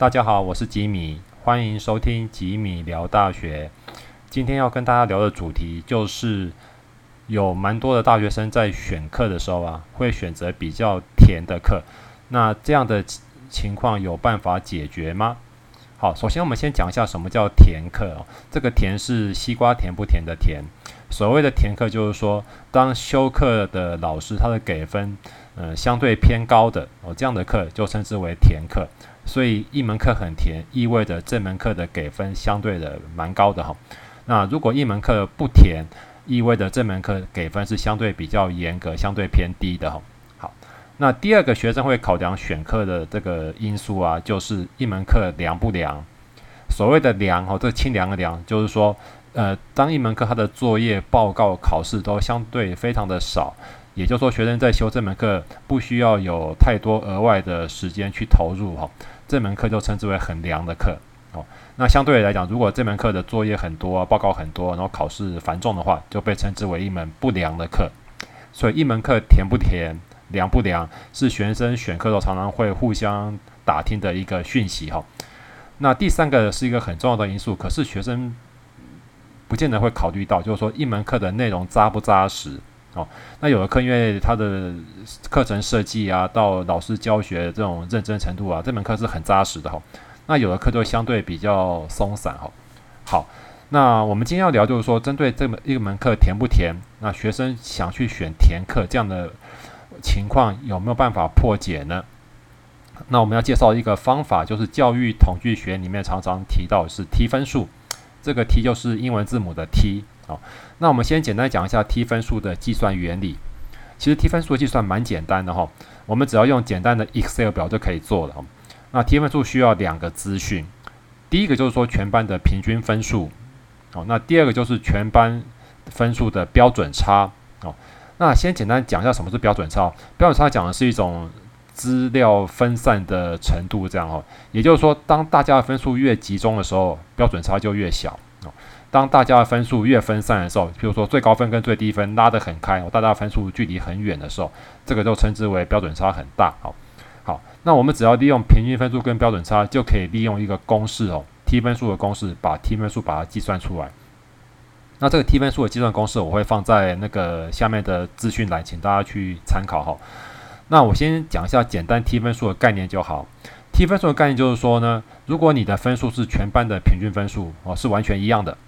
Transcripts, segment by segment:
大家好，我是吉米，歡迎收聽吉米聊大學。今天要跟大家聊的主題就是，有蠻多的大學生在選課的時候啊，會選擇比較甜的課。那這樣的情況有辦法解決嗎？好，首先我們先講一下什麼叫甜課哦。這個甜是西瓜甜不甜的甜。所謂的甜課就是說，當修課的老師他的給分，嗯、呃，相對偏高的哦，這樣的課就稱之為甜課。所以一門課很甜，意味着這門課的給分相對的蠻高的哈。那如果一門課不甜，意味着這門課給分是相對比較嚴格，相對偏低的哈。好，那第二個學生會考量選課的這個因素啊，就是一門課涼不涼。所謂的涼哈，這清涼的涼就是說，呃，當一門課它的作業、報告、考試都相對非常的少，也就是說，學生在修這門課不需要有太多額外的時間去投入哈。這門課就稱之為很涼的課，哦，那相對來講，如果這門課的作業很多，報告很多，然後考試繁重的話，就被稱之為一門不涼的課。所以一門課甜不甜，涼不涼，是學生選課的時候常常會互相打聽的一個訊息，哈。那第三個是一個很重要的因素，可是學生不見得會考慮到，就是說一門課的內容紮不紮實。哦，那有的課因為它的課程設計啊，到老師教學這種認真程度啊，這門課是很扎實的哈、哦。那有的課就相對比較鬆散哈、哦。好，那我們今天要聊就是說，針對這門一門課甜不甜，那學生想去選甜課這樣的情況，有沒有辦法破解呢？那我們要介紹一個方法，就是教育統計學裡面常常提到的是 T 分數，這個 T 就是英文字母的 T。哦、那我們先簡單講一下 T 分數的計算原理。其實 T 分數的計算蠻簡單的哈、哦，我們只要用簡單的 Excel 表就可以做了、哦。那 T 分數需要兩個資訊，第一個就是說全班的平均分數、哦，那第二個就是全班分數的標準差，哦。那先簡單講一下什麼是標準差。標準差講的是一種資料分散的程度，這樣哦。也就是說，當大家的分數越集中的時候，標準差就越小。哦當大家的分數越分散的時候，譬如說最高分跟最低分拉得很開，我大家分數距離很遠的時候，這個就稱之為標準差很大。好，好，那我們只要利用平均分數跟標準差，就可以利用一個公式哦，T 分數的公式，把 T 分數把它計算出來。那這個 T 分數的計算公式我會放在那個下面的資訊欄，請大家去參考哈。那我先講一下簡單 T 分數的概念就好。T 分數的概念就是說呢，如果你的分數是全班的平均分數哦，是完全一樣的。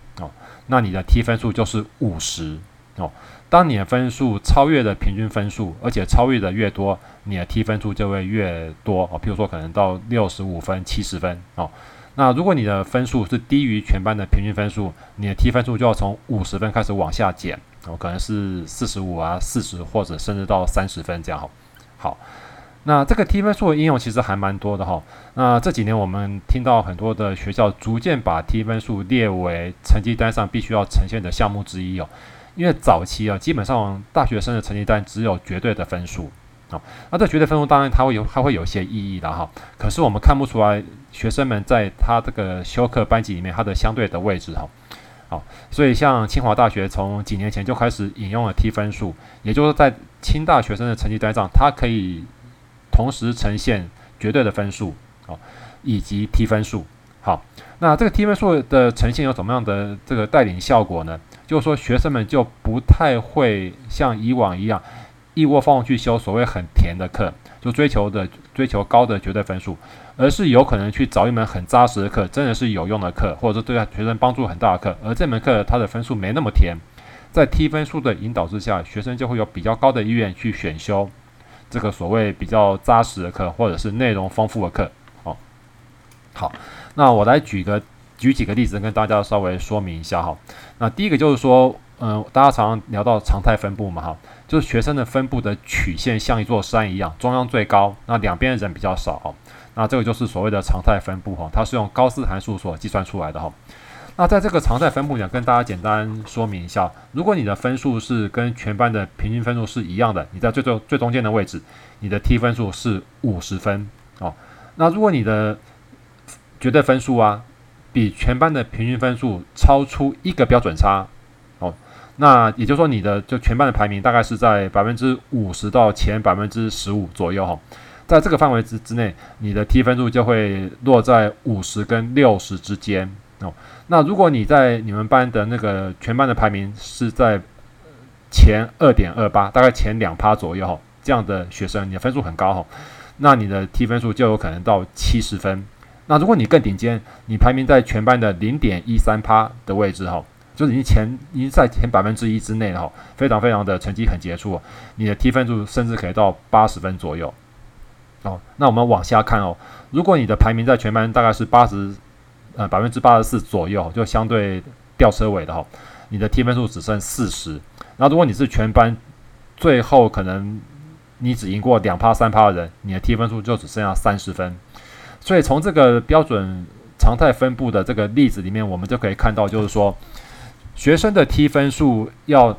那你的 T 分數就是五十哦。當你的分數超越的平均分數，而且超越的越多，你的 T 分數就會越多哦。譬如說，可能到六十五分、七十分哦。那如果你的分數是低於全班的平均分數，你的 T 分數就要從五十分開始往下減，哦，可能是四十五啊、四十，或者甚至到三十分這樣。好，好。那這個 T 分數的應用其實還蠻多的哈、哦。那這幾年我們聽到很多的學校逐漸把 T 分數列為成績單上必須要呈現的項目之一哦。因為早期啊、哦，基本上大學生的成績單只有絕對的分數哦，那這絕對分數當然它會有它會有一些意義的哈、哦。可是我們看不出來學生們在他這個修課班級裡面它的相對的位置哈、哦。好、哦，所以像清華大學從幾年前就開始引用了 T 分數，也就是在清大學生的成績單上，它可以。同時呈現絕對的分數啊、哦，以及 T 分數。好，那這個 T 分數的呈現有怎麼樣的這個帶領效果呢？就是說，學生們就不太會像以往一樣一窩蜂去修所謂很甜的課，就追求的追求高的絕對分數，而是有可能去找一門很扎實的課，真的是有用的課，或者說對學生幫助很大的課。而這門課它的分數沒那麼甜，在 T 分數的引導之下，學生就會有比較高的意願去選修。這個所謂比較扎實的課，或者是內容豐富的課，哦，好，那我來舉個舉幾個例子跟大家稍微說明一下哈、哦。那第一個就是說，嗯、呃，大家常常聊到常態分布嘛哈、哦，就是學生的分布的曲線像一座山一樣，中央最高，那兩邊的人比較少、哦，那這個就是所謂的常態分布哈、哦，它是用高斯函數所計算出來的哈。哦那在這個常態分佈裡面，跟大家簡單說明一下，如果你的分數是跟全班的平均分數是一樣的，你在最中最中間的位置，你的 T 分數是五十分哦。那如果你的絕對分數啊，比全班的平均分數超出一個標準差哦，那也就是說你的就全班的排名大概是在百分之五十到前百分之十五左右哈、哦，在這個範圍之之內，你的 T 分數就會落在五十跟六十之間。哦、那如果你在你們班的那個全班的排名是在前二點二八，大概前兩趴左右、哦，這樣的學生，你的分數很高哈、哦，那你的 T 分數就有可能到七十分。那如果你更頂尖，你排名在全班的零點一三趴的位置哈、哦，就是已經前，已經在前百分之一之內哈、哦，非常非常的成績很傑出、哦，你的 T 分數甚至可以到八十分左右。哦，那我們往下看哦，如果你的排名在全班大概是八十。呃，百分之八十四左右就相對吊車尾的哈，你的 T 分數只剩四十。那如果你是全班最後可能你只贏過兩趴三趴的人，你的 T 分數就只剩下三十分。所以從這個標準常態分布的這個例子裡面，我們就可以看到，就是說學生的 T 分數要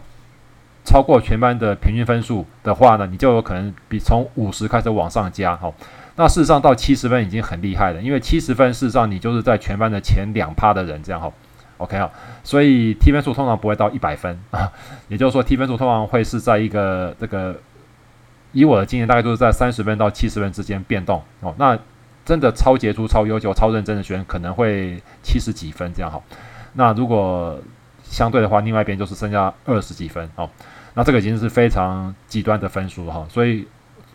超過全班的平均分數的話呢，你就有可能比從五十開始往上加哈。那事實上到七十分已經很厲害了，因為七十分事實上你就是在全班的前兩趴的人這樣哈，OK 啊、哦，所以 T 分數通常不會到一百分啊，也就是說 T 分數通常會是在一個這個，以我的經驗大概就是在三十分到七十分之間變動哦。那真的超傑出、超優秀、超認真的學生可能會七十幾分這樣哈、啊。那如果相對的話，另外一邊就是剩下二十幾分哦。那這個已經是非常極端的分數哈、哦，所以。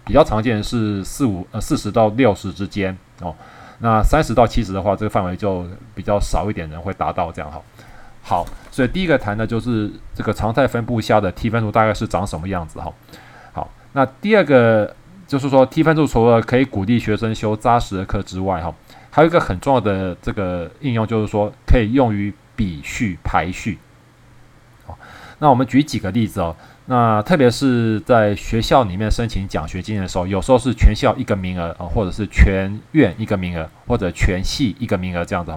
比較常見的是四五呃四十到六十之間哦，那三十到七十的話，這個範圍就比較少一點人會達到這樣哈。好，所以第一個談的就是這個常態分布下的 T 分數大概是長什麼樣子哈。好，那第二個就是說 T 分數除了可以鼓勵學生修扎實的課之外哈，還有一個很重要的這個應用就是說可以用於比序排序。好，那我們舉幾個例子哦。那特別是在學校裡面申請獎學金的時候，有時候是全校一個名額啊，或者是全院一個名額，或者全系一個名額這樣子。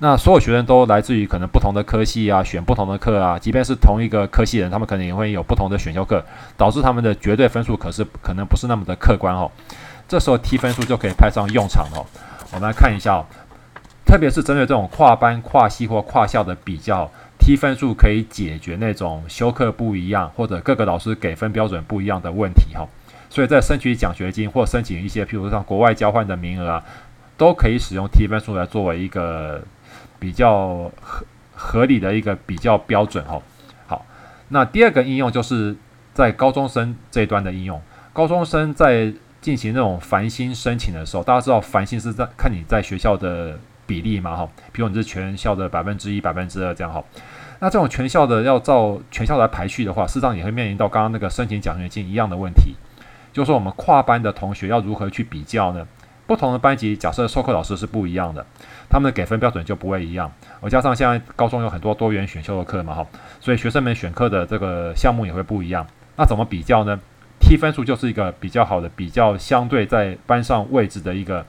那所有學生都來自於可能不同的科系啊，選不同的課啊，即便是同一個科系的人，他們可能也會有不同的選修課，導致他們的絕對分數可是可能不是那麼的客觀哦。這時候 T 分數就可以派上用場哦。我們來看一下哦，特別是針對這種跨班、跨系或跨校的比較。T 分數可以解決那種修課不一樣，或者各個老師給分標準不一樣的問題哈，所以在申請獎學金或申請一些譬如說像國外交換的名額啊，都可以使用 T 分數來作為一個比較合合理的一個比較標準哈。好，那第二個應用就是在高中生這一端的應用，高中生在進行那種繁星申請的時候，大家知道繁星是在看你在學校的。比例嘛，哈，比如你是全校的百分之一、百分之二這樣，哈，那這種全校的要照全校來排序的話，事實上也會面臨到剛剛那個申請獎學金一樣的問題，就是說我們跨班的同學要如何去比較呢？不同的班級，假設授課老師是不一樣的，他們的給分標準就不會一樣。我加上現在高中有很多多元選修的課嘛，哈，所以學生們選課的這個項目也會不一樣。那怎麼比較呢？T 分數就是一個比較好的比較相對在班上位置的一個。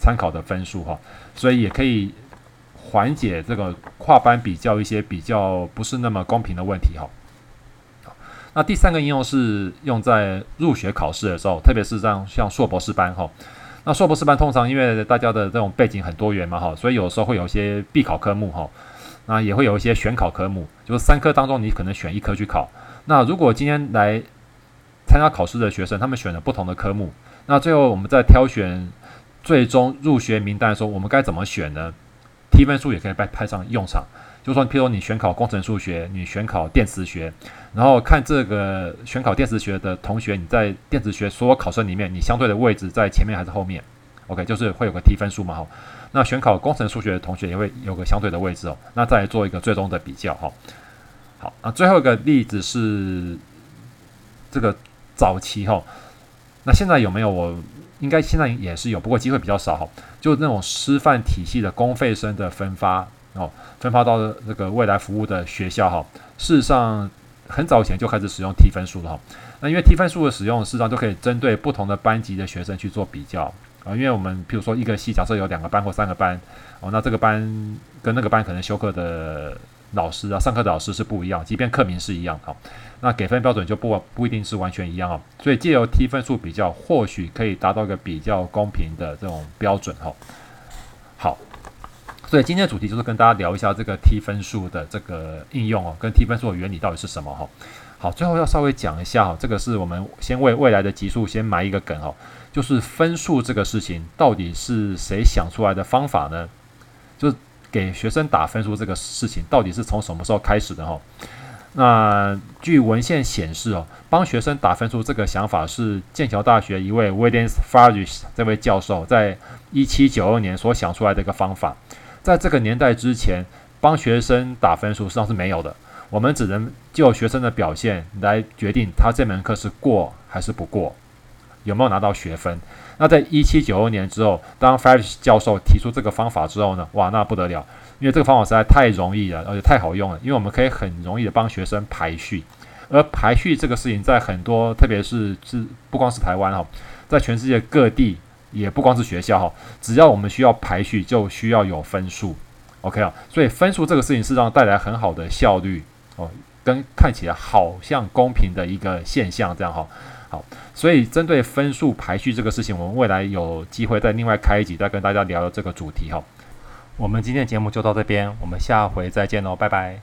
參考的分數哈，所以也可以緩解這個跨班比較一些比較不是那麼公平的問題哈。那第三個應用是用在入學考試的時候，特別是像像碩博士班哈。那碩博士班通常因為大家的這種背景很多元嘛哈，所以有時候會有一些必考科目哈，那也會有一些選考科目，就是三科當中你可能選一科去考。那如果今天來參加考試的學生，他們選了不同的科目，那最後我們再挑選最終入學名單說，我們該怎麼選呢？T 分數也可以派派上用場。就是說譬如說你選考工程數學，你選考電磁學，然後看這個選考電磁學的同學，你在電磁學所有考生裡面，你相對的位置在前面還是後面？OK，就是會有個 T 分數嘛哈。那選考工程數學的同學也會有個相對的位置哦。那再來做一個最終的比較哈。好，那最後一個例子是這個早期哈。那現在有沒有我？應該現在也是有，不過機會比較少哈。就那種師範體系的公費生的分發哦，分發到這個未來服務的學校哈。事實上，很早以前就開始使用 T 分數了哈。那因為 T 分數的使用，事實上就可以針對不同的班級的學生去做比較啊。因為我們比如說一個系，假設有兩個班或三個班哦，那這個班跟那個班可能修課的。老師啊，上課的老師是不一樣，即便課名是一樣哈，那給分標準就不不一定是完全一樣啊，所以借由 T 分數比較，或許可以達到一個比較公平的這種標準哈。好，所以今天的主題就是跟大家聊一下這個 T 分數的這個應用哦，跟 T 分數的原理到底是什麼哈。好，最後要稍微講一下哈，這個是我們先為未來的集數先埋一個梗哈，就是分數這個事情到底是誰想出來的方法呢？給學生打分數這個事情到底是從什麼時候開始的哈、哦？那據文獻顯示哦，幫學生打分數這個想法是劍橋大學一位 Williams Farish 這位教授在一七九二年所想出來的一個方法。在這個年代之前，幫學生打分數實際上是沒有的，我們只能就學生的表現來決定他這門課是過還是不過。有沒有拿到學分？那在一七九二年之後，當 Farish 教授提出這個方法之後呢？哇，那不得了！因為這個方法實在太容易了，而且太好用了。因為我們可以很容易的幫學生排序，而排序這個事情在很多，特別是是不光是台灣哈，在全世界各地，也不光是學校哈，只要我們需要排序，就需要有分數。OK 啊，所以分數這個事情是讓帶來很好的效率哦，跟看起來好像公平的一個現象這樣哈。好，所以針對分數排序，這個事情，我們未來有機會再另外開一集，再跟大家聊聊這個主題哈。我們今天的節目就到這邊，我們下回再見嘍，拜拜。